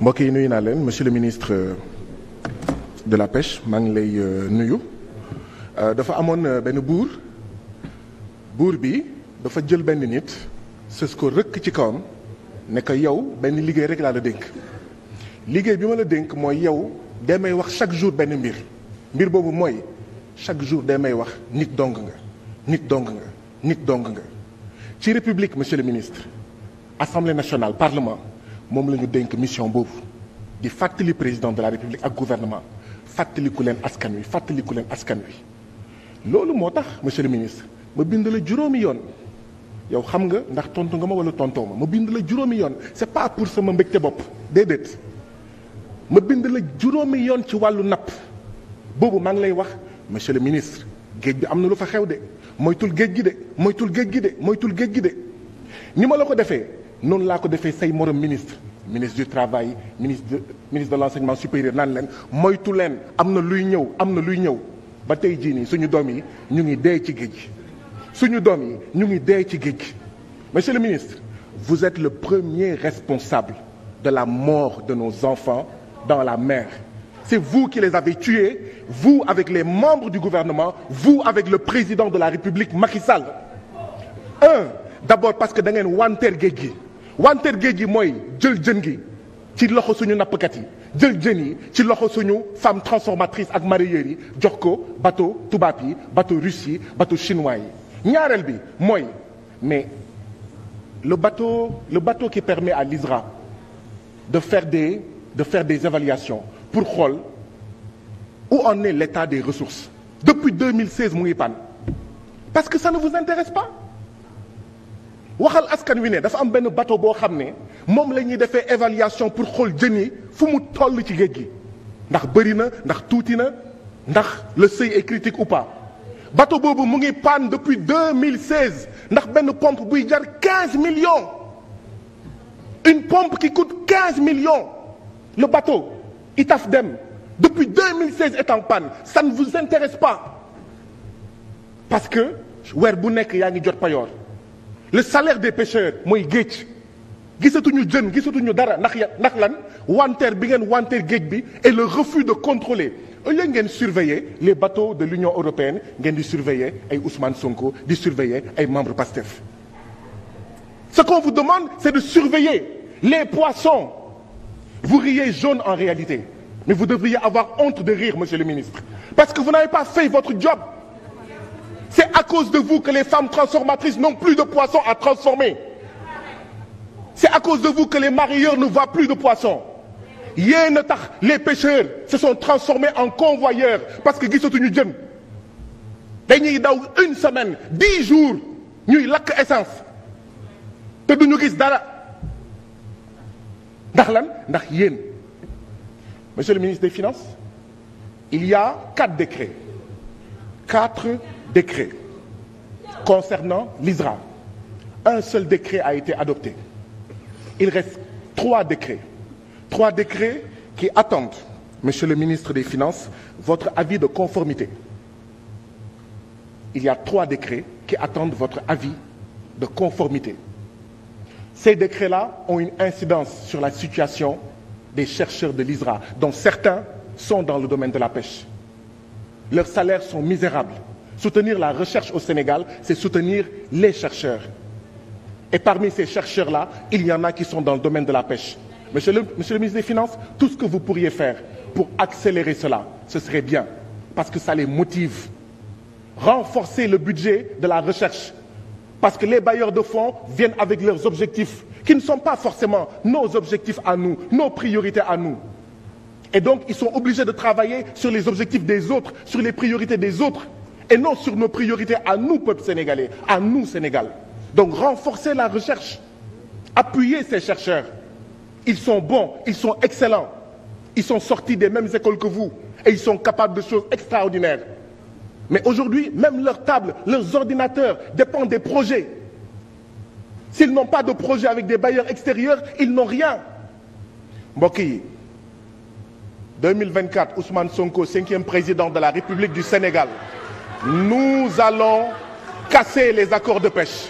mbokk yi nuyu naa leen monsieur le ministre euh, de la pêche maa ngi lay euh, nuyu euh, dafa amoon benn buur buur bi dafa jël benn nit sës ko rëkk ci kawam ne yow benn liggéey rek laa la dénk liggéey bi ma la dénk mooy yow day may wax chaque jour benn mbir mbir boobu mooy chaque jour day may wax nit dong nga nit dong nga nit dong nga ci république monsieur le ministre assemblée nationale parlement moom la ñu dénk mission boobu di fàttali président de la république ak gouvernement fàttaliku leen askan wi fàttaliku leen askan wi. loolu moo tax monsieur le ministre ma bind la juróomi yoon yow xam nga ndax tontu nga ma wala tontoo ma ma bind la juróomi yoon c'est pas sama mbégte bopp déedéet ma bind juróomi yoon ci wàllu napp boobu maa lay wax monsieur le ministre géej bi am na lu fa xew de moytul géej gi de moytul géej gi de moytul géej gi de ni ma la ko defee. noonu laa ko defee say morom ministre ministre du travail ministre de ministre de l'enseignement supérieur naan leen moytu leen am na luy ñëw am na luy ñëw ba tey jii nii suñu doom yi ñu ngi dee ci géej gi suñu doom ñu ngi dee ci géej gi monsieur le ministre vous êtes le premier responsable de la mort de nos enfants dans la mer c'est vous qui les avez tués vous avec les membres du gouvernement vous avec le président de la République Macky Sall un d'abord parce que da ngeen wanteer géej gi wanteer géej gi mooy jël jën gi ci loxo suñu nappkat yi jël jën yi ci loxo suñu femme transformatrice ak mareyeurs yi jox ko bateau tubaab yi bateau russe bateau chinois yi ñaareel bi mooy mais le bateau le bateau qui permet à l'ISRA de faire des des évaluations pour xool où en est l'état des ressources depuis 2016 mu ngi pan parce que ça ne vous intéresse pas waxal askan wi ne dafa am benn bateau boo xam ne moom la ñuy defee évaluation pour xool jën yi fu mu toll ci géej gi ndax bëri na ndax tuuti na ndax le seuil est critique ou pas bateau boobu mu ngi panne depuis 2016 ndax benn pompe buy jar million millions une pompe qui coûte million millions le bateau Itaf Dem depuis 2016 est en panne ça ne vous intéresse pas parce que weer bu nekk yaa ngi jot payoor le salaire des pêcheurs mooy géej gisatuñu jën gisatuñu dara ndax ya ndax lan wanteer bi ngeen wanteer géej bi et le refus de contrôler au lieu ngeen surveiller les bateaux de l'Union européenne ngeen di surveiller ay Ousmane Sonko di surveiller ay membres PASTEF ce qu'on vous demande c'est de surveiller les poissons vous riez jaune en réalité mais vous devriez avoir honte de rire monsieur le ministre parce que vous n'avez pas fait votre job C'est à cause de vous que les femmes transformatrices n'ont plus de poissons à transformer. C'est à cause de vous que les marieurs ne voient plus de poissons. yéen a tax les pêcheurs se sont transformés en convoyeurs parce que gisatuñu jën dañuy daw une semaine dix jours ñuy lakk essence te duñu gis dara ndax lan ndax yéen monsieur le ministre des finances il y a quatre décrets quatre décrets concernant l'ISRA. Un seul décret a été adopté. Il reste trois décrets. Trois décrets qui attendent, Monsieur le ministre des Finances, votre avis de conformité. Il y a trois décrets qui attendent votre avis de conformité. Ces décrets-là ont une incidence sur la situation des chercheurs de l'ISRA, dont certains sont dans le domaine de la pêche. Leurs salaires sont misérables. Soutenir la recherche au Sénégal, c'est soutenir les chercheurs. Et parmi ces chercheurs-là, il y en a qui sont dans le domaine de la pêche. Monsieur le, Monsieur le ministre des Finances, tout ce que vous pourriez faire pour accélérer cela, ce serait bien, parce que ça les motive. Renforcer le budget de la recherche, parce que les bailleurs de fonds viennent avec leurs objectifs, qui ne sont pas forcément nos objectifs à nous, nos priorités à nous. Et donc, ils sont obligés de travailler sur les objectifs des autres, sur les priorités des autres. et non sur nos priorités à nous, Sénégal. Donc renforcer la recherche, appuyer ces chercheurs. Ils sont bons, ils sont excellents. Ils sont sortis des mêmes écoles que vous et ils sont capables de choses des projets. S'ils n'ont pas de projet avec des bailleurs extérieurs, ils n'ont rien. mbokk yi 2024 Ousmane Sonko cinquième président de la République du Sénégal nous allons casser les accords de pêche.